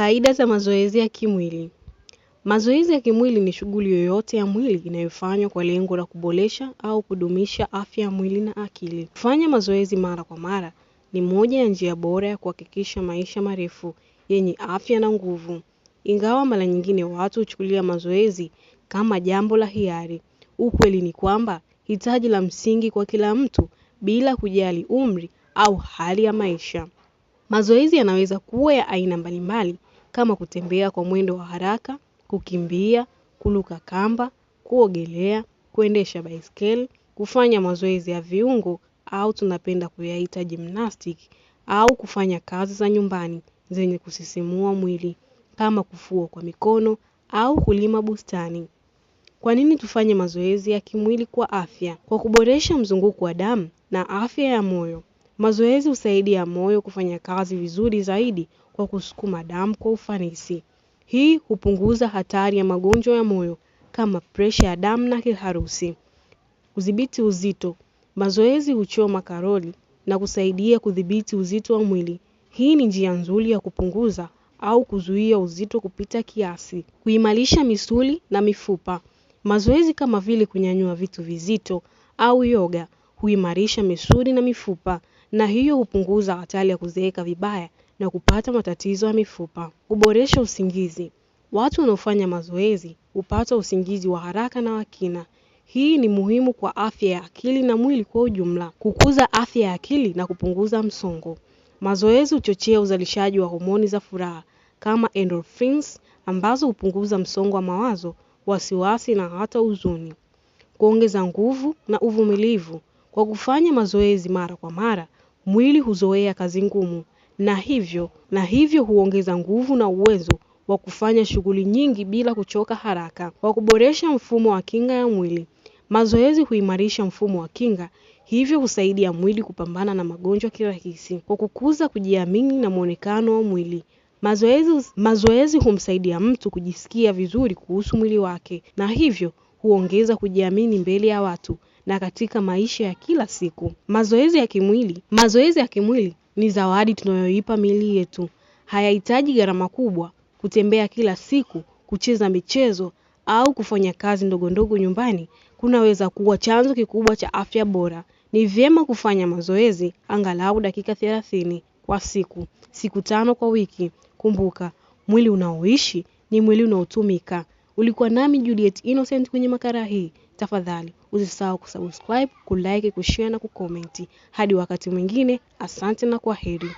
Faida za mazoezi ya kimwili. Mazoezi ya kimwili ni shughuli yoyote ya mwili inayofanywa kwa lengo la kuboresha au kudumisha afya ya mwili na akili. Kufanya mazoezi mara kwa mara ni moja ya njia bora ya kuhakikisha maisha marefu yenye afya na nguvu. Ingawa mara nyingine watu huchukulia mazoezi kama jambo la hiari. Ukweli ni kwamba hitaji la msingi kwa kila mtu bila kujali umri au hali ya maisha. Mazoezi yanaweza kuwa ya aina mbalimbali kama kutembea kwa mwendo wa haraka, kukimbia, kuluka kamba, kuogelea, kuendesha baiskeli, kufanya mazoezi ya viungo au tunapenda kuyaita gymnastic au kufanya kazi za nyumbani zenye kusisimua mwili kama kufua kwa mikono au kulima bustani. Kwa nini tufanye mazoezi ya kimwili kwa afya? Kwa kuboresha mzunguko wa damu na afya ya moyo. Mazoezi husaidia moyo kufanya kazi vizuri zaidi kwa kusukuma damu kwa ufanisi. Hii hupunguza hatari ya magonjwa ya moyo kama presha ya damu na kiharusi. Kudhibiti uzito. Mazoezi huchoma karoli na kusaidia kudhibiti uzito wa mwili. Hii ni njia nzuri ya kupunguza au kuzuia uzito kupita kiasi. Kuimarisha misuli na mifupa. Mazoezi kama vile kunyanyua vitu vizito au yoga huimarisha misuli na mifupa na hiyo hupunguza hatari ya kuzeeka vibaya na kupata matatizo ya mifupa. Kuboresha usingizi. Watu wanaofanya mazoezi hupata usingizi wa haraka na wakina Hii ni muhimu kwa afya ya akili na mwili kwa ujumla. Kukuza afya ya akili na kupunguza msongo. Mazoezi huchochea uzalishaji wa homoni za furaha kama endorphins ambazo hupunguza msongo wa mawazo, wasiwasi na hata huzuni. Kuongeza nguvu na uvumilivu. Kwa kufanya mazoezi mara kwa mara, mwili huzoea kazi ngumu na hivyo na hivyo huongeza nguvu na uwezo wa kufanya shughuli nyingi bila kuchoka haraka. Kwa kuboresha mfumo wa kinga ya mwili, mazoezi huimarisha mfumo wa kinga, hivyo husaidia mwili kupambana na magonjwa kirahisi. Kwa kukuza kujiamini na mwonekano wa mwili, mazoezi humsaidia mtu kujisikia vizuri kuhusu mwili wake na hivyo huongeza kujiamini mbele ya watu na katika maisha ya kila siku. Mazoezi ya kimwili, mazoezi ya kimwili ni zawadi tunayoipa miili yetu. Hayahitaji gharama kubwa, kutembea kila siku, kucheza michezo au kufanya kazi ndogo ndogo nyumbani kunaweza kuwa chanzo kikubwa cha afya bora. Ni vyema kufanya mazoezi angalau dakika thelathini kwa siku, siku tano kwa wiki. Kumbuka, mwili unaoishi ni mwili unaotumika. Ulikuwa nami Juliet Innocent kwenye makala hii. Tafadhali usisahau kusubscribe, kulike, kushare na kukomenti. Hadi wakati mwingine, asante na kwaheri.